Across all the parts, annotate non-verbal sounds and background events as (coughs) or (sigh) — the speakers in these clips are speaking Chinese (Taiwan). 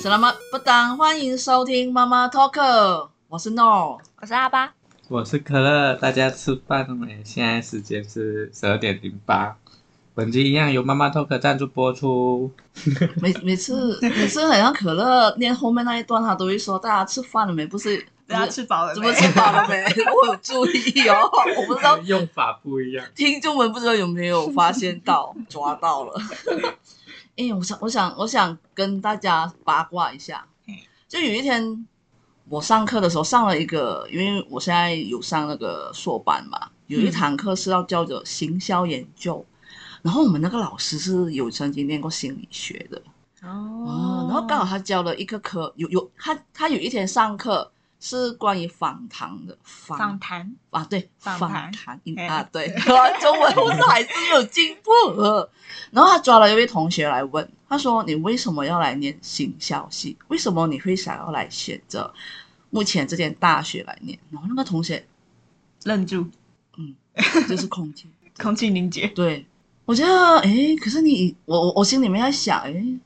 是了不當，歡迎收聽媽媽 Talker，我是 No，我是阿巴，我是可樂。大家吃飯了沒？現在時間是十二點零八，本集一樣由媽媽 Talker 贊助播出。每每次每次好像可樂念後面那一段，他都會說，大家吃飯了沒？不是，大家吃飽了？怎麼吃飽了沒？ (laughs) 我有注意哦，我不知道用法不一樣。聽眾們不知道有沒有發現到？ (laughs) 抓到了。 (laughs) 哎、欸，我想，我想，我想跟大家八卦一下。就有一天我上課的時候上了一個，因為我現在有上那個碩班嘛，有一堂課是要叫做行銷研究，嗯、然後我們那個老師是有曾經念過心理學的哦，然後剛好他教了一個科，有有他他有一天上課。是關於訪談的訪談啊，對訪談壇啊，對，中文我是還是有進步。 (laughs) 然後他抓了一位同學來問，他說：“你為什麼要來念行銷系？為什麼你會想要來選擇目前這間大學來念？”然後那個同學愣住，嗯，就是空氣， (laughs) 空氣凝結。對，我覺得，哎，可是你，我我，我心裡面在想，哎。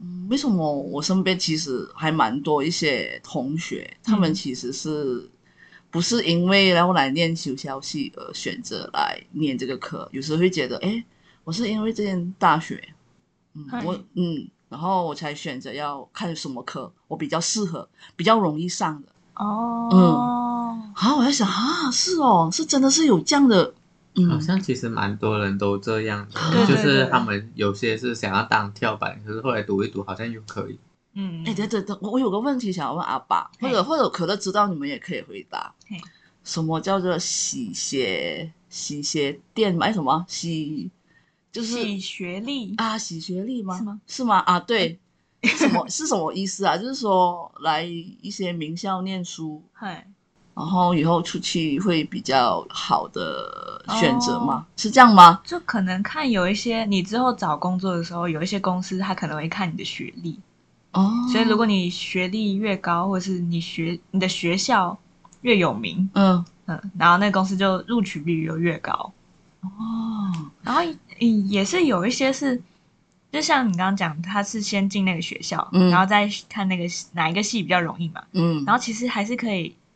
嗯，為什麼我身邊其實還蠻多一些同學，他們其實是、嗯、不是因為我來念修消息而選擇來念這個科，有時候會覺得，哎，我是因為這間大學，嗯，嗯我嗯，然後我才選擇要看什麼科，我比較適合，比較容易上的。哦，嗯，好我在想，啊，是哦，是真的是有這樣的。嗯、好像其實蠻多人都這樣，對對對，就是他們有些是想要當跳板，可是後來讀一讀好像又可以。嗯，哎、嗯，等等等，我有個問題想要問阿爸，嘿或者或者可樂知道你們也可以回答。嘿什麼叫做洗鞋？洗鞋店買什麼洗？就是洗學歷啊？洗學歷嗎？是嗎？是嗎？啊，對，嗯、 (laughs) 什麼？是什麼意思啊？就是說來一些名校念書。嗨。然後以後出去會比較好的選擇嗎？Oh, 是這樣嗎？就可能看有一些你之後找工作的時候，有一些公司他可能會看你的學歷哦，oh, 所以如果你學歷越高，或者是你學你的學校越有名，嗯，嗯，然後那個公司就錄取率又越高哦。Oh, 然後也，也是有一些是，就像你剛剛講，他是先進那個學校，嗯、然後再看那個哪一個系比較容易嘛，嗯，然後其實還是可以。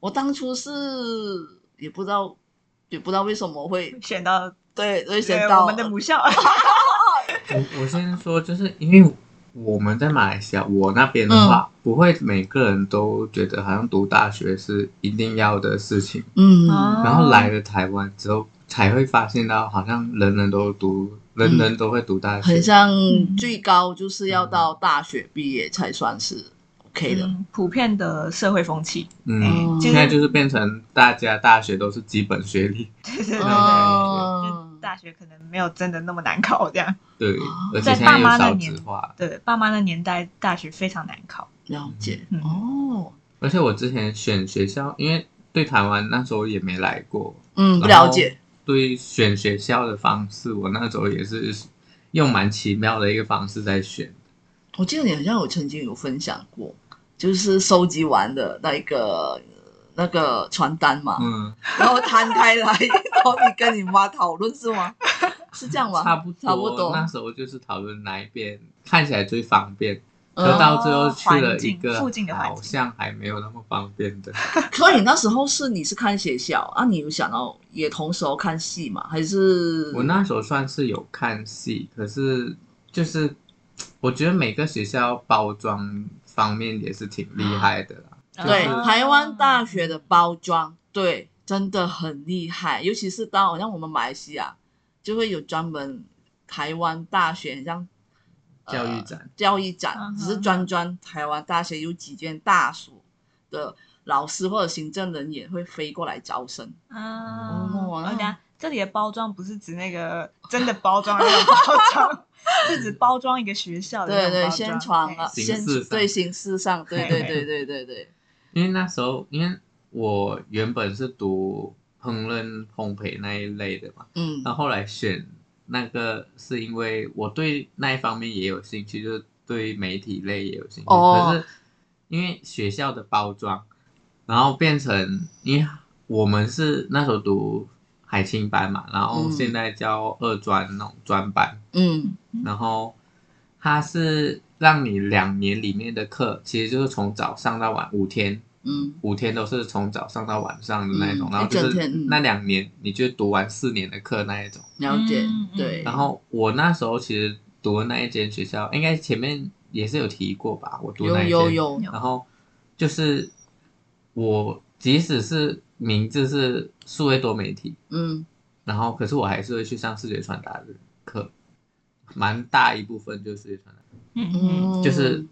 我當初是也不知道，也不知道為什麼會選到對，會選到我們的母校。我 (laughs) 我先說，就是因為我們在馬來西亞，我那邊的話、嗯、不會每個人都覺得好像讀大學是一定要的事情。嗯，然後來了台灣之後，才會發現到好像人人都讀，嗯、人人都會讀大學，好像最高就是要到大學畢業才算是。的、嗯，普遍的社會風氣，嗯，欸就是，現在就是變成大家大學都是基本學歷， (laughs) 對對對，對、oh. 對就是，大學可能沒有真的那麼難考這樣，對。而且爸媽的年，對，爸媽的年代，大學非常難考，了解。哦，而且我之前選學校，因為對台灣那時候也沒來過，嗯，不了解。對，選學校的方式，我那時候也是用蠻奇妙的一個方式在選。我記得你好像有曾經有分享過。就是收集完的那一個那個傳單嘛，嗯，然後攤開來， (laughs) 然後你跟你媽討論是嗎？是這樣嗎？差不多，差不多。那時候就是討論哪一邊看起來最方便，可、嗯、到最後去了一個，好像還沒有那麼方便的。的 (laughs) 所以那時候是你是看學校啊？你有想到也同時候看系嘛？還是我那時候算是有看系，可是就是我覺得每個學校包裝，方面也是挺厲害的啦，嗯就是、對台灣大學的包裝，對真的很厲害，尤其是當好像我們馬來西亞就會有專門台灣大學，像、呃、教育展、教育展，嗯、只是專專台灣大學有幾間大所的老師或者行政人員會飛過來招生啊，哦、嗯，嗯 okay. 這裡的包裝不是指那個真的包裝， (laughs) 那包裝 (laughs) 是指包裝一個學校的裝，對對宣傳啊，對形式上，對嘿對對對對對。因為那時候，因為我原本是讀烹飪、烘焙那一類的嘛，嗯，那後來選那個是因為我對那一方面也有興趣，就是對媒體類也有興趣。哦、可是因為學校的包裝，然後變成，因為我們是那時候讀。海青班嘛，然後現在叫二專、嗯、那種專班，嗯，然後它是讓你兩年裡面的課，其實就是從早上到晚五天，嗯，五天都是從早上到晚上的那一種，嗯，然後就是那兩年，嗯，你就讀完四年的課那一種，了解，嗯嗯，對。然後我那時候其實讀的那一間學校，應該前面也是有提過吧，我讀那一間，有有有，然後就是我。即使是名字是數位多媒體，嗯，然後可是我還是會去上視覺傳達的課，蠻大一部分就是視覺傳達的課，嗯嗯，就是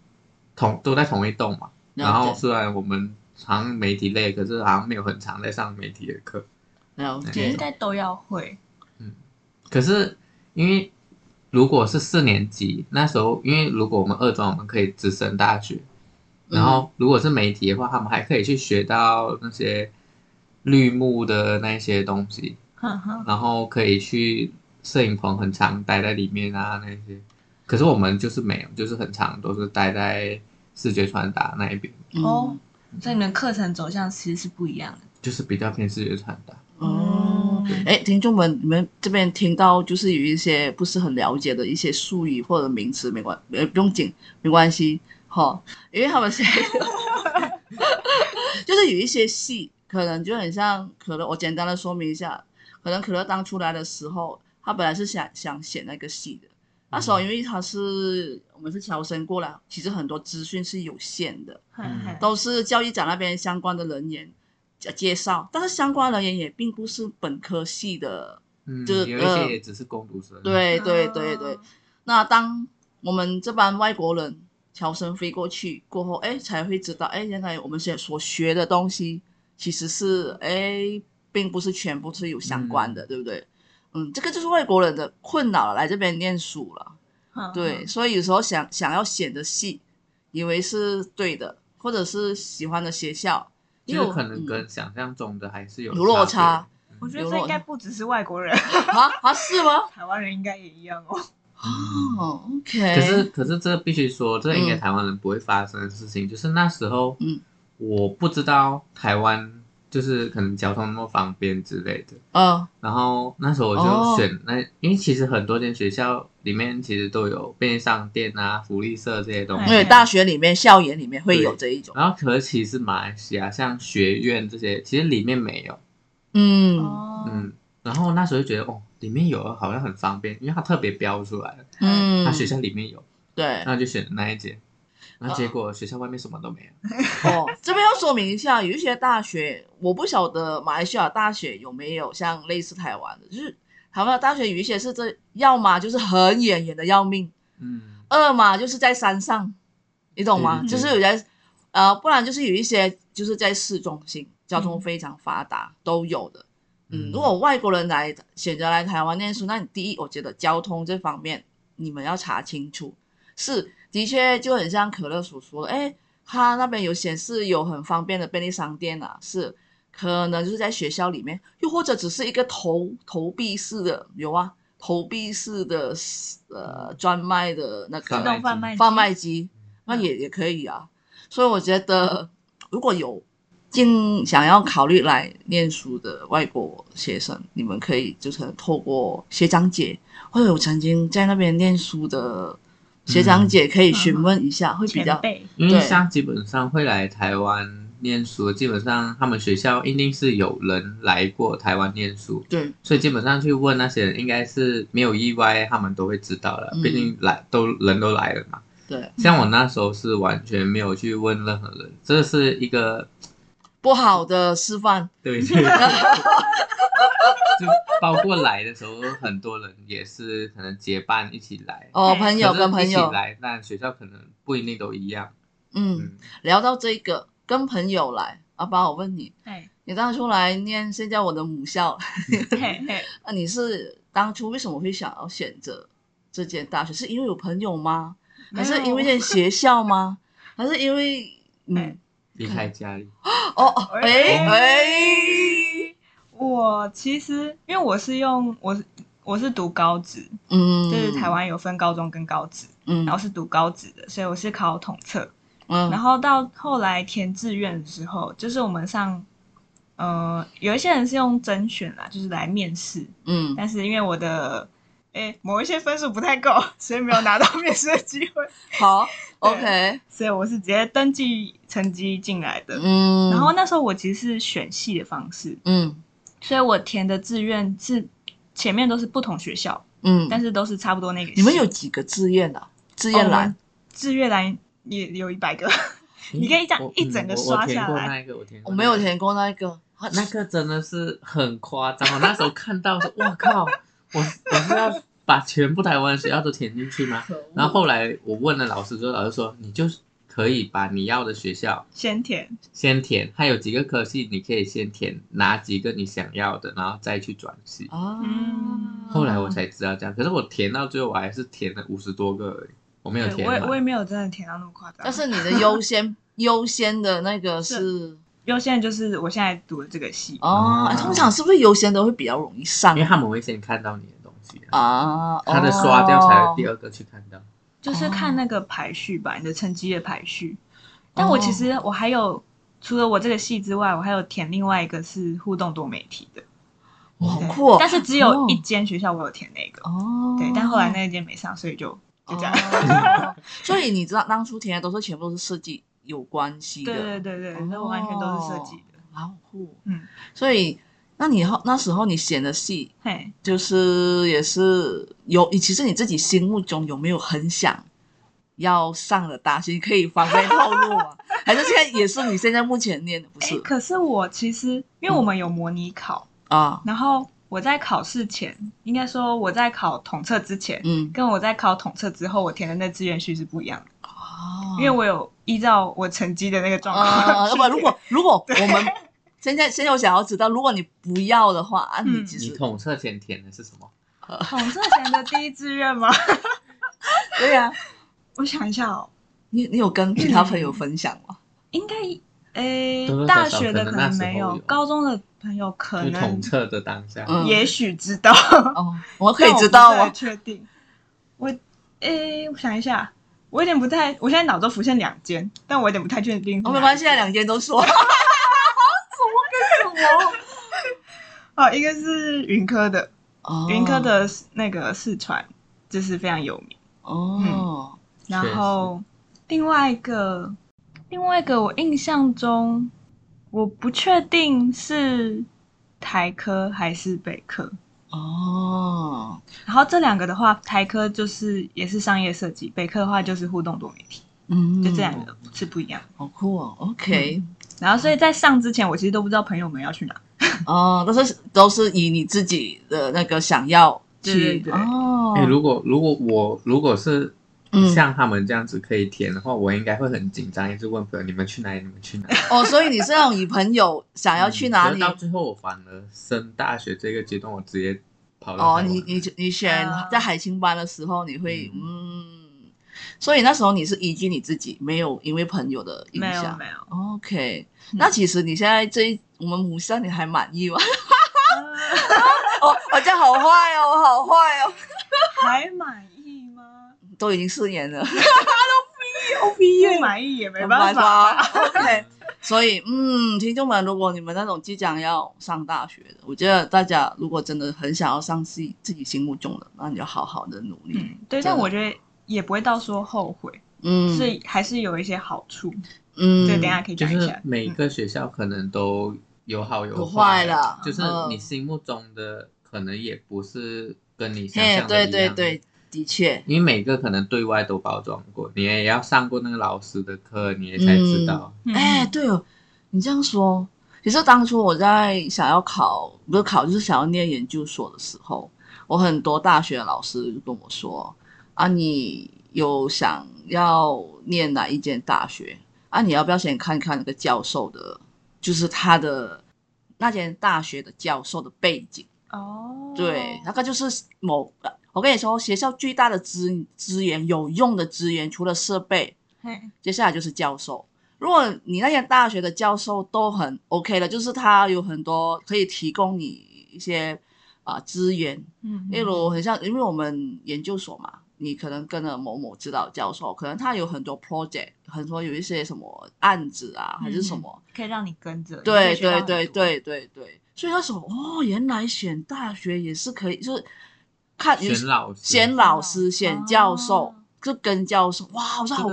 同都在同一棟嘛，嗯、然後雖然我們常媒體類，可是好像沒有很常在上媒體的課，那我覺得應該都要會，嗯，可是因為如果是四年級那時候，因為如果我們二專，我們可以直升大學，然後，如果是媒體的話，他們還可以去學到那些綠幕的那些東西，啊啊、然後可以去攝影棚，很常待在裡面啊那些。可是我們就是沒有，就是很常都是待在視覺傳達那一邊。哦，嗯、所以你們課程走向其實是不一樣的，就是比較偏視覺傳達。哦，哎對，聽眾們，你們這邊聽到就是有一些不是很了解的一些術語或者名詞，沒關，呃，不用緊，沒關係。好、哦，因為他們是， (laughs) (laughs) 就是有一些系可能就很像，可能我簡單的說明一下，可能可能當初來的時候，他本來是想想選那個系的。那時候，嗯、因為他是我們是僑生過來，其實很多資訊是有限的，嗯、都是教育長那邊相關的人員介紹，但是相關人員也並不是本科系的，嗯、就是而且也只是工讀生。對對對對，對，那當我們這班外國人。悄聲飛過去過後，哎，才會知道，哎，原來我們現在所學的東西其實是，哎，並不是全部是有相關的，嗯、對不對？嗯，這個就是外國人的困擾，來這邊念書了。嗯、對，嗯、所以有時候想想要選的系，以為是對的，或者是喜歡的學校，就可能跟想象中的還是有有、嗯、落差。我覺得這應該不只是外國人 (laughs) 啊，啊，是嗎？台灣人應該也一樣哦。哦，OK。可是，可是這必須說，這個、應該台灣人不會發生的事情，嗯、就是那時候，嗯，我不知道台灣就是可能交通那麼方便之類的，嗯、哦。然後那時候我就選、哦、那，因為其實很多間學校裡面其實都有便利商店啊、福利社這些東西。因為大學裡面、校園裡面會有這一種。然後，可是其實馬來西亞，像學院這些，其實裡面沒有。嗯。嗯。哦然後那時候就覺得哦，裡面有好像很方便，因為它特別標出來，嗯，它學校裡面有，對，那就選那一間。那結果學校外面什麼都沒有。哦，這邊要說明一下，有一些大學我不曉得馬來西亞大學有沒有像類似台灣的就是，台灣的大學有一些是這要麼就是很遠遠的要命，嗯，二嘛就是在山上，你懂嗎？嗯、就是有些，嗯、呃，不然就是有一些就是在市中心，交通非常發達，嗯、都有的。嗯，如果外國人來選擇來台灣念書，那你第一，我覺得交通這方面你們要查清楚。是，的確就很像可樂所說，哎，他那邊有顯示有很方便的便利商店啊，是，可能就是在學校裡面，又或者只是一個投投幣式的，有啊，投幣式的呃專賣的那個自動販賣機，販賣機，嗯、那也也可以啊。所以我覺得、嗯、如果有。進想要考慮來念書的外國學生，你們可以就是透過學長姐，或者我曾經在那邊念書的學長姐，可以詢問一下，嗯、會比較因為輩對、嗯、像基本上會來台灣念書，基本上他們學校一定是有人來過台灣念書，對，所以基本上去問那些人，應該是沒有意外，他們都會知道了。嗯、畢竟來都人都來了嘛，對。像我那時候是完全沒有去問任何人，這是一個。不好的示範，對，就包括來的時候，很多人也是可能結伴一起來哦，朋友跟朋友一起來，但學校可能不一定都一樣。嗯，聊到這個，跟朋友來，阿爸，我問你，你當初來念現在我的母校，那你是當初為什麼會想要選擇這間大學？是因為有朋友嗎？還是因為這間學校嗎？還是因為嗯？離開家裡哦喂、 (coughs) oh, okay okay、我其實因為我是用我我是讀高職，嗯，就是台灣有分高中跟高職，嗯，然後是讀高職的，所以我是考統測，嗯，然後到後來填志願的時候，就是我們上，呃，有一些人是用甄選啦，就是來面試，嗯，但是因為我的。哎、欸，某一些分數不太夠，所以沒有拿到面試的機會。 (laughs) 好，OK。所以我是直接登記成績進來的。嗯。然後那時候我其實是選系的方式。嗯。所以我填的志願是前面都是不同學校。嗯。但是都是差不多那個。你們有幾個志願啊？志願欄？哦、志願欄也有一百個。嗯、 (laughs) 你可以這樣一整個刷下來。那一個我填、那個。我，填那個、我沒有填過那一個。那個真的是很誇張。我 (laughs) 那時候看到說，哇靠。我 (laughs) 我是要把全部台灣學校都填進去嗎？惡然後後來我問了老師之後，老師說，你就是可以把你要的學校先填，先填，還有幾個科系你可以先填哪幾個你想要的，然後再去轉系。哦，後來我才知道這樣，可是我填到最後我還是填了五十多個而已，我沒有填。我也我也沒有真的填到那麼誇張。但是你的優先優 (laughs) 先的那個是。是優先就是我現在讀的這個系哦，通常是不是優先都會比較容易上？因為他們會先看到你的東西啊，他的刷掉才第二個去看到，就是看那個排序吧，你的成績的排序。但我其實我還有除了我這個系之外，我還有填另外一個是互動多媒體的，好酷。但是只有一間學校我有填那個哦，對，但後來那一間沒上，所以就就這樣。所以你知道當初填的都是全部都是設計。有關係的，對對對對，那、哦哦、完全都是設計的，好酷，嗯，所以那你那時候你選的系嘿，就是也是有，其實你自己心目中有沒有很想要上的大學可以方便透露啊？ (laughs) 還是現在也是你現在目前念的不是、欸？可是我其實因為我們有模擬考、嗯、啊，然後我在考試前，應該說我在考統測之前，嗯，跟我在考統測之後我填的那志願序是不一樣的。因為我有依照我成績的那個狀況、哦，那麼、 (laughs) 呃、如果如果我們現在現在我想要知道，如果你不要的話，那、啊、你其實、嗯、你統測前填的是什麼？統測前的第一志願嗎？ (laughs) 對呀、啊， (laughs) 我想一下哦，你你有跟其他朋友分享嗎？ (coughs) 應該誒，大學的可能沒有，高中的朋友可能統測的當下也許知道、嗯、哦，我可以知道哦，我不確定，我誒，我想一下。我有點不太，我現在腦中浮現兩間，但我有點不太確定。我沒關係，現在兩間都說。什 (laughs) 麼跟什麼？哦、 (laughs) 啊，一個是雲科的，雲、oh. 科的那個四川就是非常有名哦。然後實另外一個，另外一個，我印象中我不確定是台科還是北科。哦，然後這兩個的話，台科就是也是商業設計，北科的話就是互動多媒體，嗯，就這兩個是不，不一樣。好酷哦，OK、嗯。然後所以在上之前，我其實都不知道朋友們要去哪。哦，都是都是以你自己的那個想要去，對對對哦、欸。如果如果我如果是像他們這樣子可以填的話，嗯、我應該會很緊張，一直問朋友你們去哪裡，你們去哪裡。哦，所以你是那種以朋友想要去哪裡？ (laughs) 嗯、到最後，我反而升大學這個階段，我直接。哦，你你你選在海青班的時候，你會嗯，嗯，所以那時候你是依據你自己，沒有因為朋友的影響，沒有，沒有。OK、嗯、那其實你現在這我們母校你還滿意嗎？我我這好壞哦，我好壞哦，哦還滿意嗎？ (laughs) 都已經四年了， (laughs) 都畢業，都畢業，滿意也沒辦法。辦法 OK、嗯。所以，嗯，聽眾們，如果你們那種即將要上大學的，我覺得大家如果真的很想要上自己自己心目中的，那你就好好的努力。嗯、對，對，但我覺得也不會到說後悔，嗯，是，還是有一些好處，嗯，就等下可以講一下。就是每個學校可能都有好有壞的，嗯、就是你心目中的可能也不是跟你想象的一樣。嗯的確，你每個可能對外都包裝過，你也要上過那個老師的課，你也才知道。哎、嗯欸，對哦，你這樣說，其實當初我在想要考不是考就是想要念研究所的時候，我很多大學的老師跟我說啊，你有想要念哪一間大學啊？你要不要先看看那個教授的，就是他的那間大學的教授的背景哦？對，那個就是某。我跟你說，學校最大的資資源有用的資源，除了設備，嘿接下來就是教授。如果你那些大學的教授都很 OK 的，就是他有很多可以提供你一些啊資源，嗯哼，例如很像，因為我們研究所嘛，你可能跟着某某指導教授，可能他有很多 project，很多有一些什麼案子啊，嗯、還是什麼，可以讓你跟着。對對對對對對，所以他說哦，原來選大學也是可以，就是。看，選老師，選老師，選教授，就跟教授，哇，好像好，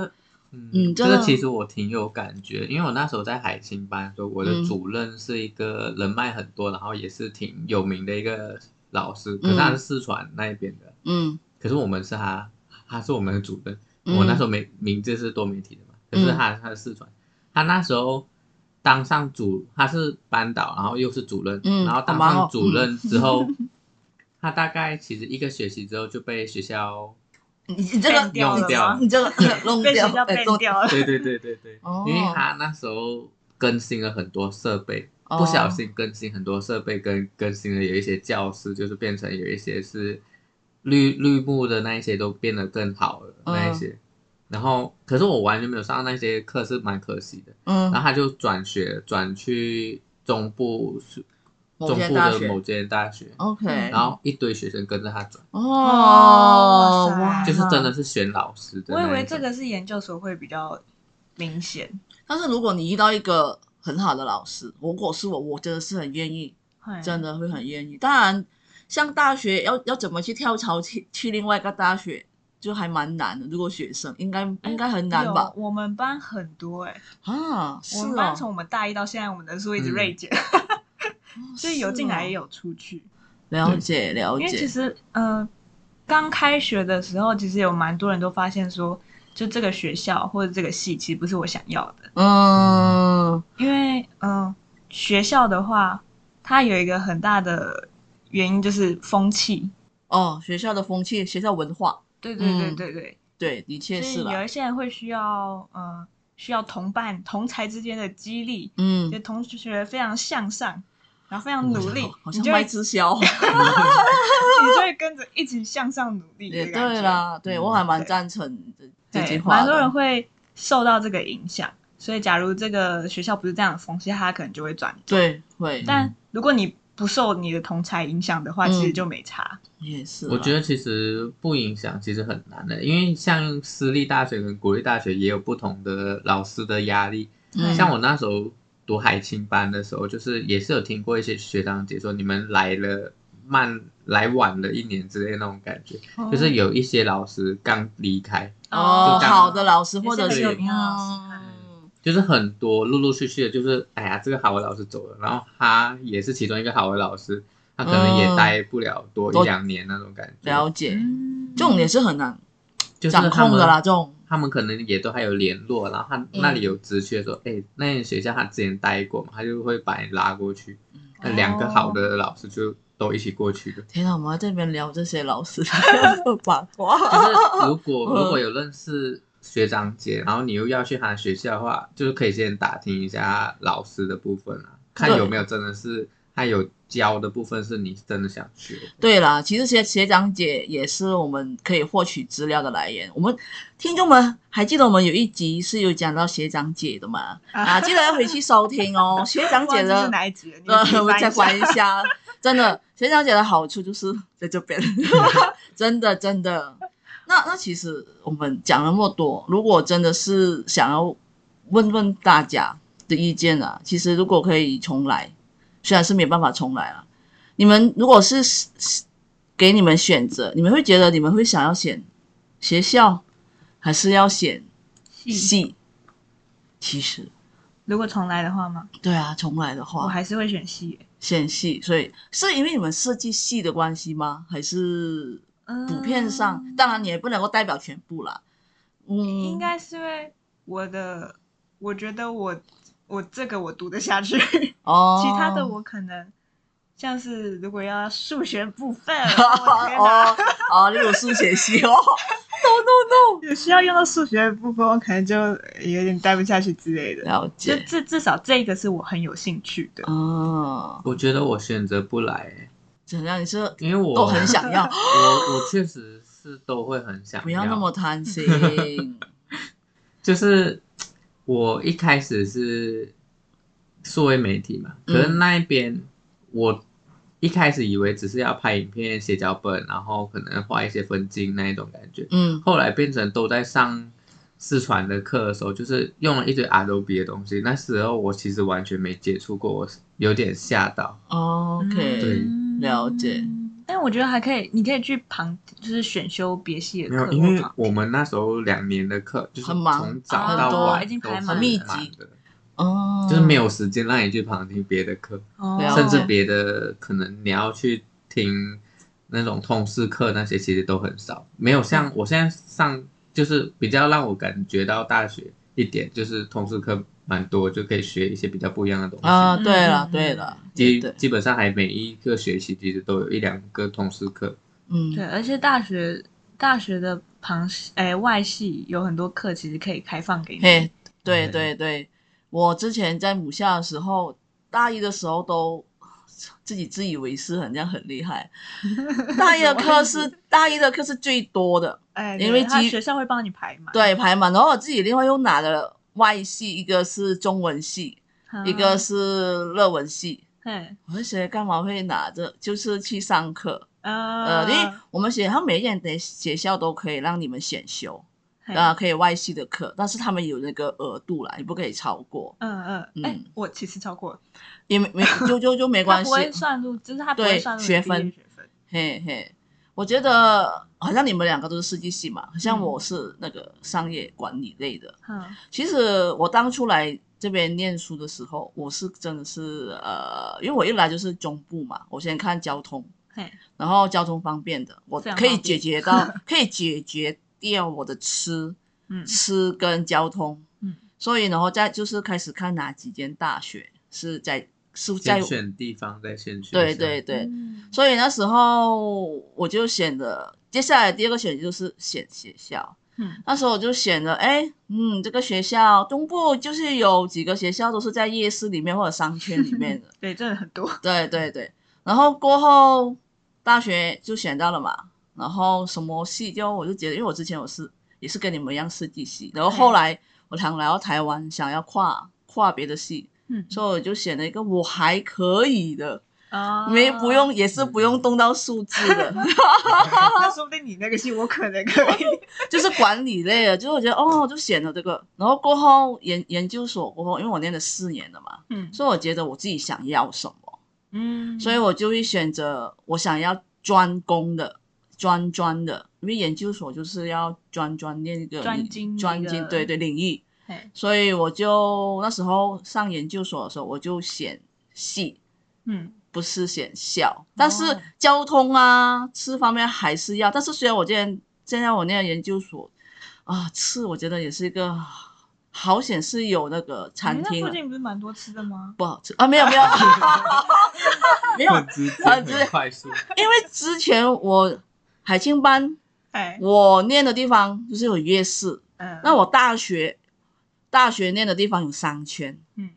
嗯，這個其實我挺有感覺，因為我那時候在海清班，所以我的主任是一個人脈很多，然後也是挺有名的一個老師，可是他是四川那邊的，嗯，可是我們是他，他是我們的主任，我那時候沒名字是多媒體的嘛，可是他他是四川，他那時候當上主，他是班導，然後又是主任，然後當上主任之後。他大概其實一個學期之後就被學校，你這個弄掉，你這個弄掉，被學校掉了。對對對對對， (laughs) 因為他那時候更新了很多設備，oh. 不小心更新很多設備，跟更新了有一些教室，就是變成有一些是綠綠幕的那一些都變得更好了，嗯、那一些。然後，可是我完全沒有上那些課，是蠻可惜的。嗯。然後他就轉學轉去中部是。某間大學，大學，OK，、嗯、然後一堆學生跟着他走，哦，就是真的是選老師的。我以為這個是研究所會比較明顯，但是如果你遇到一個很好的老師，如果是我，我真的是很願意，嘿真的會很願意。當然，像大學要要怎麼去跳槽去去另外一個大學，就還蠻難的。如果學生，應該應該很難吧？我我們班很多哎、欸，啊，我們班從、喔、我們大一到現在，我們的人數一直銳減、嗯。 (laughs) 所以有進來也有出去，哦哦、了解了解、嗯。因為其實，嗯、呃，剛開學的時候，其實有蠻多人都發現說，就這個學校或者這個系其實不是我想要的。嗯，因為，嗯、呃，學校的話，它有一個很大的原因就是風氣。哦，學校的風氣，學校文化。對對對對對，對、嗯，的確是。有一些人會需要，嗯、呃，需要同伴同才之間的激勵。嗯，就同學非常向上。然後非常努力，哦、好像賣直銷，你就會跟着一起向上努力。也對啦，對、嗯、我還蠻贊成這對這句話。蠻多人會受到這個影響，所以假如這個學校不是這樣的風氣，他可能就會轉,轉。對，會。但如果你不受你的同儕影響的話，嗯、其實就沒差。也是，我覺得其實不影響，其實很難的、欸，因為像私立大學跟國立大學也有不同的老師的壓力。嗯、像我那時候。讀海青班的時候，就是也是有聽過一些學長姐說，你們來了慢來晚了一年之類那種感覺，哦、就是有一些老師剛離開哦，剛好的老師或者是有有。就是很多陸陸續續的，就是哎呀，這個好的老師走了，然後他也是其中一個好的老師，他可能也待不了多一兩年那種感覺。嗯、了解，嗯、這種也是很難掌控的啦，這種。他們可能也都還有聯絡，然後他那裡有資訊說，哎、欸欸，那間、個、學校他之前待過嘛，他就會把你拉過去，那兩個好的老師就都一起過去的、哦。天哪，我們要在這邊聊這些老師，八卦。 (laughs) (laughs) 就是如果如果有認識學長姐，然後你又要去他學校的話，就是可以先打聽一下老師的部分啊，看有沒有真的是。還有教的部分是你真的想學？對啦，其實學學長姐也是我們可以獲取資料的來源。我們聽眾們還記得我們有一集是有講到學長姐的嗎？啊，啊記得要回去收聽哦。 (laughs) 學長姐的哪一集？我們再關一下。真的，學長姐的好處就是在這邊， (laughs) 真的真的。那那其實我們講了那麼多，如果真的是想要問問大家的意見啊，其實如果可以重來。雖然是沒辦法重來了，你們如果是給你們選擇，你們會覺得你們會想要選學校，還是要選系？系。其實，如果重來的話嗎？對啊，重來的話，我還是會選系、欸，選系。所以是因為你們設計系的關係嗎？還是普遍上？嗯、當然，你也不能夠代表全部啦。嗯，應該是因為我的，我覺得我。我這個我讀得下去，oh. 其他的我可能像是如果要數學部分，哦哦，你有數學系哦？No No No，有需要用到數學的部分，我可能就有點待不下去之類的。了解，至至少這個是我很有興趣的。哦、oh. 我覺得我選擇不來。怎樣？你說？因為我都很想要。我 (laughs) 我,我確實是都會很想要。不要那麼貪心。 (laughs) 就是。我一開始是數位媒體嘛，嗯、可是那一邊我一開始以為只是要拍影片、寫腳本，然後可能畫一些分鏡那一種感覺。嗯，後來變成都在上視傳的課的時候，就是用了一堆 Adobe 的東西。那時候我其實完全沒接觸過，我有點嚇到。哦、OK，對了解。但我覺得還可以，你可以去旁，就是選修別系的課。沒有，因為我們那時候兩年的課很忙，就是從早到晚、哦、都很密集的，哦，就是沒有時間讓你去旁聽別的課，哦、甚至別的可能你要去聽那種通識課，那些其實都很少。沒有像我現在上，嗯、就是比較讓我感覺到大學一點就是通識課。蠻多，就可以學一些比較不一樣的東西。啊，對了，對了，基對對基本上還每一個學期其實都有一兩個通識課。嗯，對，而且大學大學的旁系哎外系有很多課其實可以開放給你。嘿，對對對，啊、對，我之前在母校的時候，大一的時候都自己自以為是，很像很厲害。大一的課是 (laughs) 大一的課是最多的，哎，因為，因為他學校會幫你排嘛。對，排滿，然後我自己另外又拿了。外系一個是中文系，一個是日文系。我們學幹嘛會拿着？就是去上課。呃，因為我們學校每一間的學校都可以讓你們選修，啊，可以外系的課，但是他們有那個額度啦，你不可以超過。嗯嗯嗯，我其實超過因也沒沒就就就沒關係。對，不會算入，就是他不會算入學分學分。嘿嘿。我覺得好像你們兩個都是設計系嘛，好像我是那個商業管理類的。嗯，其實我當初來這邊念書的時候，我是真的是呃，因為我一來就是中部嘛，我先看交通，嘿然後交通方便的，我可以解決到 (laughs) 可以解決掉我的吃，吃跟交通，嗯，所以然後再就是開始看哪幾間大學是在。是不是在先選地方，再選學校，對對對，嗯、所以那時候我就選的，接下來第二個選擇就是選學校。嗯、那時候我就選的，哎，嗯，這個學校東部就是有幾個學校都是在夜市裡面或者商圈裡面的。呵呵對，真的很多。對對對，然後過後大學就選到了嘛，然後什麼系就我就覺得，因為我之前我是也是跟你們一樣設計系，然後後來我想來到台灣，想要跨跨別的系。嗯、所以我就選了一個我還可以的，哦、沒不用也是不用動到數字的。那說不定你那個系我可能可以，就是管理類的。就是我覺得哦，就選了這個。然後過後研研究所過後，因為我念了四年了嘛，嗯、所以我覺得我自己想要什麼，嗯，所以我就會選擇我想要專攻的、專專的，因為研究所就是要專專念一個專精、專精、專精對對領域。所以我就那時候上研究所的時候，我就選系，嗯，不是選校，但是交通啊、哦、吃方面還是要。但是雖然我今天現在我念的研究所，啊，吃我覺得也是一個好險是有那個餐廳，附近不是蠻多吃的嗎？不好吃啊，沒有沒有，沒有，很快速。因為之前我海青班，哎，我念的地方就是有夜市，嗯，那我大學。大學念的地方有商圈，嗯，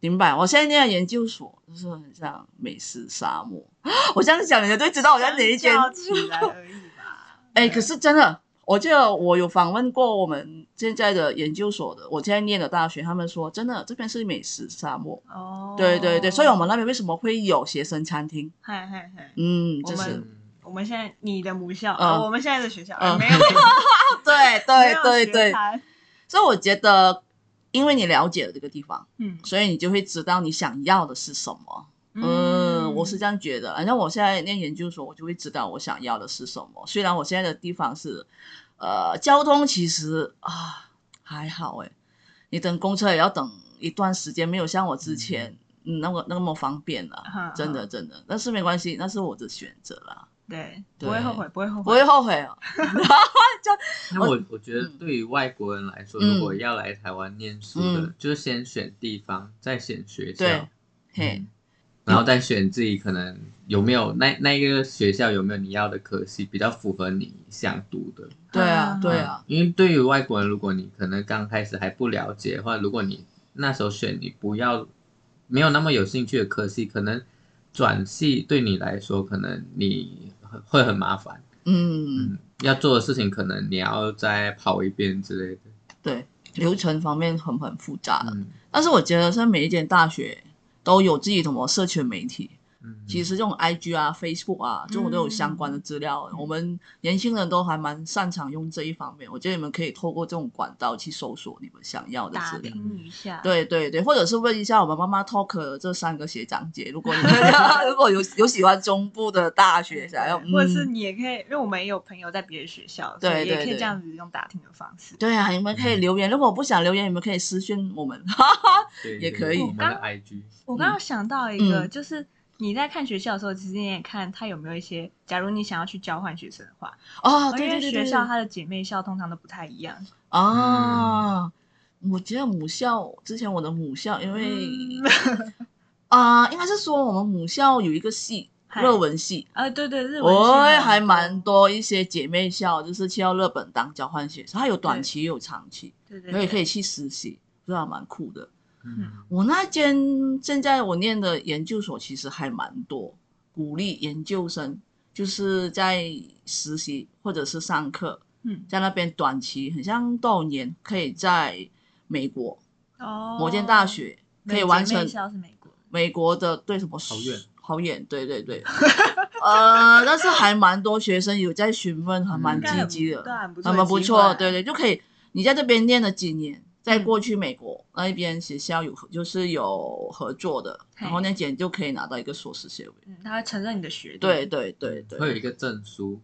明白。我現在念的研究所就是很像美食沙漠啊。我這樣講人家就知道我在哪一間住而已、 (laughs) 欸、對可是真的，我記得我有訪問過我們現在的研究所的，我現在念的大學，他們說真的，這邊是美食沙漠。哦、oh，對對對，所以我們那邊為什麼會有學生餐廳？Hi hi hi. 嗯，就是。我們，我們現在你的母校、嗯哦，我們現在的學校、欸嗯、沒有 (laughs) 對。對對對 (laughs) 對，所以我覺得。因為你了解了這個地方，嗯，所以你就會知道你想要的是什麼。嗯，嗯我是這樣覺得。反正我現在念研究所，我就會知道我想要的是什麼。雖然我現在的地方是，呃，交通其實啊還好誒，你等公車也要等一段時間，沒有像我之前、嗯嗯、那麼那麼方便了呵。真的真的，但是沒關係，那是我的選擇了。對，不會後悔，對不會後悔，不會後悔哦。就那我，我覺得對於外國人來說， (laughs) 如果要來台灣念書的，嗯、就是先選地方，再選學校，對嗯、嘿，然後再選自己可能有沒有嘿那那一個學校有沒有你要的科系，比較符合你想讀的。對啊，對啊、嗯。因為對於外國人，如果你可能剛開始還不了解的話，如果你那時候選你不要沒有那麼有興趣的科系，可能。轉系對你來說，可能你會很麻煩，嗯，嗯，要做的事情可能你要再跑一遍之類的，對，流程方面很很複雜。嗯，但是我覺得是每一間大學都有自己的什麼社群媒體。其實這種 I G 啊、Facebook 啊，這種都有相關的資料。我們年輕人都還蠻擅長用這一方面。我覺得你們可以透過這種管道去搜索你們想要的資料。打聽一下。對對對，或者是問一下我們媽媽 Talk 這三個學長姐，如果你們如果有有喜歡中部的大學，或者是你也可以，因為我們也有朋友在別的學校，對也可以這樣子用打聽的方式。對啊，你們可以留言。如果我不想留言，你們可以私訊我們，也可以。我我剛剛想到一個，就是。你在看學校的時候，其實你也看他有沒有一些，假如你想要去交換學生的話，哦、啊，因為學校他的姐妹校通常都不太一樣啊。嗯、我覺得母校之前我的母校，因為、嗯、 (laughs) 啊，應該是說我們母校有一個系日嗨文系啊，對對，對日文系，我還蠻多一些姐妹校，就是去到日本當交換學生，他有短期也有長期，對對，對對，也可以去實習，這樣蠻酷的。嗯、我那間現在我念的研究所其實還蠻多，鼓勵研究生就是在實習或者是上課，嗯，在那邊短期，很像多少年，可以在美國、哦、某間大學可以完成。美國的對什麼？好遠，好遠。對對對。 (laughs) 呃，但是還蠻多學生有在詢問，還蠻積極的，蠻不錯。對對，就可以，你在這邊念了幾年。在過去，美國，嗯，那一邊學校有，就是有合作的，嘿然後那間就可以拿到一個碩士學位。嗯，他會承認你的學歷。對對對對，會有一個證書，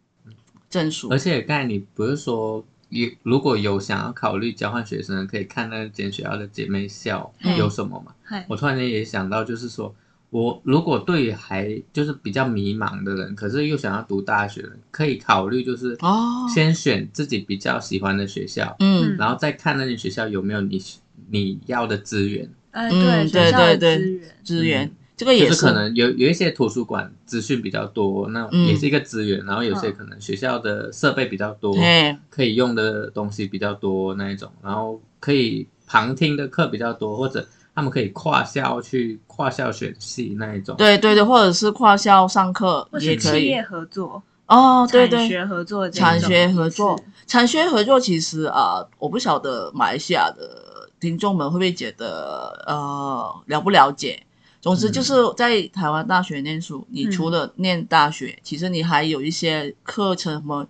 證書。而且剛才你不是說，也，如果有想要考慮交換學生，可以看那間學校的姐妹校有什麼嘛？嘿我突然間也想到，就是說。我如果對於還就是比較迷茫的人，可是又想要讀大學，可以考慮就是哦，先選自己比較喜歡的學校，哦、嗯，然後再看那些學校有沒有你你要的資源。嗯，對對對對，對對資源，資源、嗯、這個也是，是可能有有一些圖書館資訊比較多，那也是一個資源。嗯、然後有些可能學校的設備比較多，哦、可以用的東西比較多對那一種，然後可以旁聽的課比較多或者。他們可以跨校去跨校選系那一種，對對對，或者是跨校上課，也可以或是企業合作哦，對對產學合作，對對產學合作，一次，產學合作其實啊，我不曉得馬來西亞的聽眾們會不會覺得呃了不了解。總之就是在台灣大學念書，嗯、你除了念大學，嗯、其實你還有一些課程什麼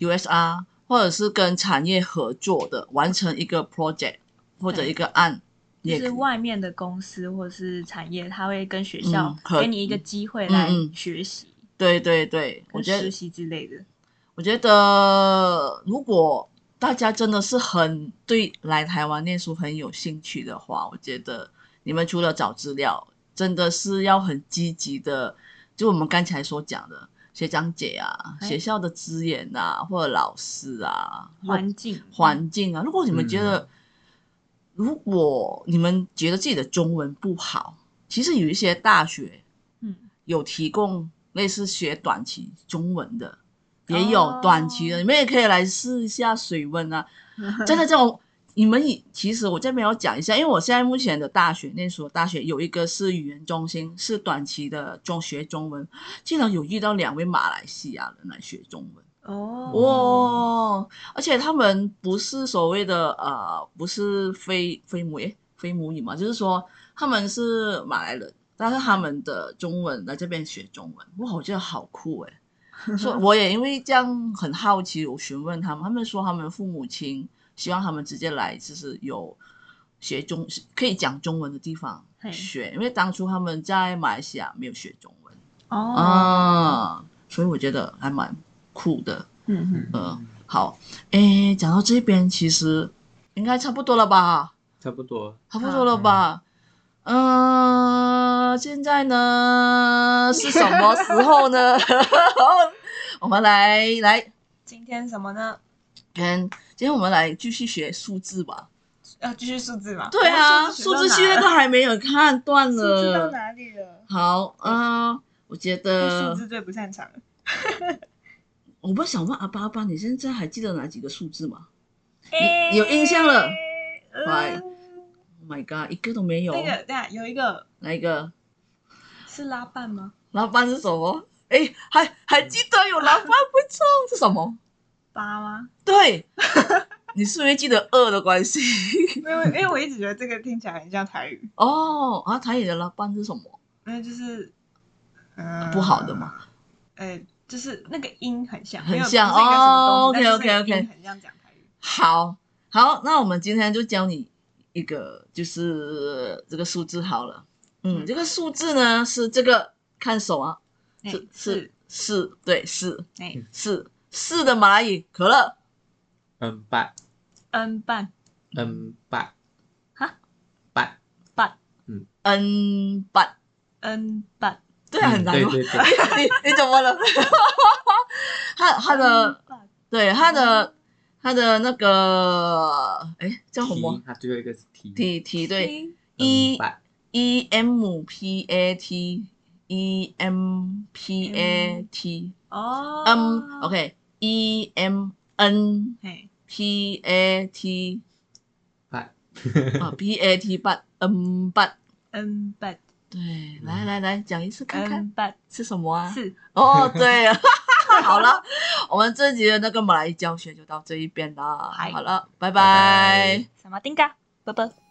USR，或者是跟產業合作的，完成一個 project 或者一個案。嗯就是外面的公司或是產業，他會跟學校給你一個機會來學習，嗯嗯嗯嗯、對對對，實習之類的。我覺得，我覺得如果大家真的是很對來台灣念書很有興趣的話，我覺得你們除了找資料，真的是要很積極的，就我們剛才所講的學長姐啊、學校的資源啊、唉或者老師啊、環境、環境啊。嗯、如果你們覺得。如果你們覺得自己的中文不好，其實有一些大學，嗯，有提供類似學短期中文的，嗯、也有短期的，哦、你們也可以來試一下水溫啊。嗯、哼真的這種，你們也其實我這邊要講一下，因為我現在目前的大學那所大學有一個是語言中心，是短期的中學中文，經常有遇到兩位馬來西亞人來學中文。哦，oh. 哇！而且他們不是所謂的呃，不是非非母誒，非母語嘛，就是說他們是馬來人，但是他們的中文來這邊學中文，哇，我覺得好酷、欸、 (laughs) 所以我也因為這樣很好奇，我詢問他們，他們說他們父母親希望他們直接來，就是有學中可以講中文的地方學，Hey. 因為當初他們在馬來西亞沒有學中文哦、oh. 啊，所以我覺得還蠻。苦的，的嗯嗯哼嗯、呃，好，哎、欸，講到這邊其實應該差不多了吧？差不多，差不多了吧？嗯、呃，現在呢是什麼時候呢？ (laughs) (laughs) 我們來來，今天什麼呢？嗯，今天我們來繼續學數字吧。要繼、呃、續數字嗎？對啊，數字，字系列都還沒有看斷呢。數字到哪裡了？好啊、呃，我覺得數字最不擅長。 (laughs) 我不想問阿爸阿爸，你現在還記得哪幾個數字嗎？有印象了？m Oh my god，一個都沒有。等下，有一個。哪一個？是拉班嗎？拉班是什麼？哎，還還記得有拉班不？錯是什麼？八嗎？對。你是不是記得二的關係？因為我一直覺得這個聽起來很像台語。哦啊，台語的拉班是什麼？那就是不好的嘛。哎。就是那個音很像，很像哦。OK OK OK，好好，那我們今天就教你一個，就是這個數字好了。嗯，這個數字呢是這個看手啊，是是是，對，是，四四的螞蟻可樂。嗯半。嗯半。嗯半。哈。半。半。嗯。嗯半。嗯半。對啊，很難過。你你怎麼了？他他的對他的他的那個哎叫什麼？他最後一個是 T T 對 E E M P A T E M P A T 哦 M OK E M N P A T 八哦 P A T 八 N 八 N 八。對，嗯、來來來講一次看看、嗯、是什麼啊？是哦，對，哈哈哈好了，我們這一集的那個馬來語教學就到這一邊了。Hi. 好了，拜拜，什麼定噶，拜拜。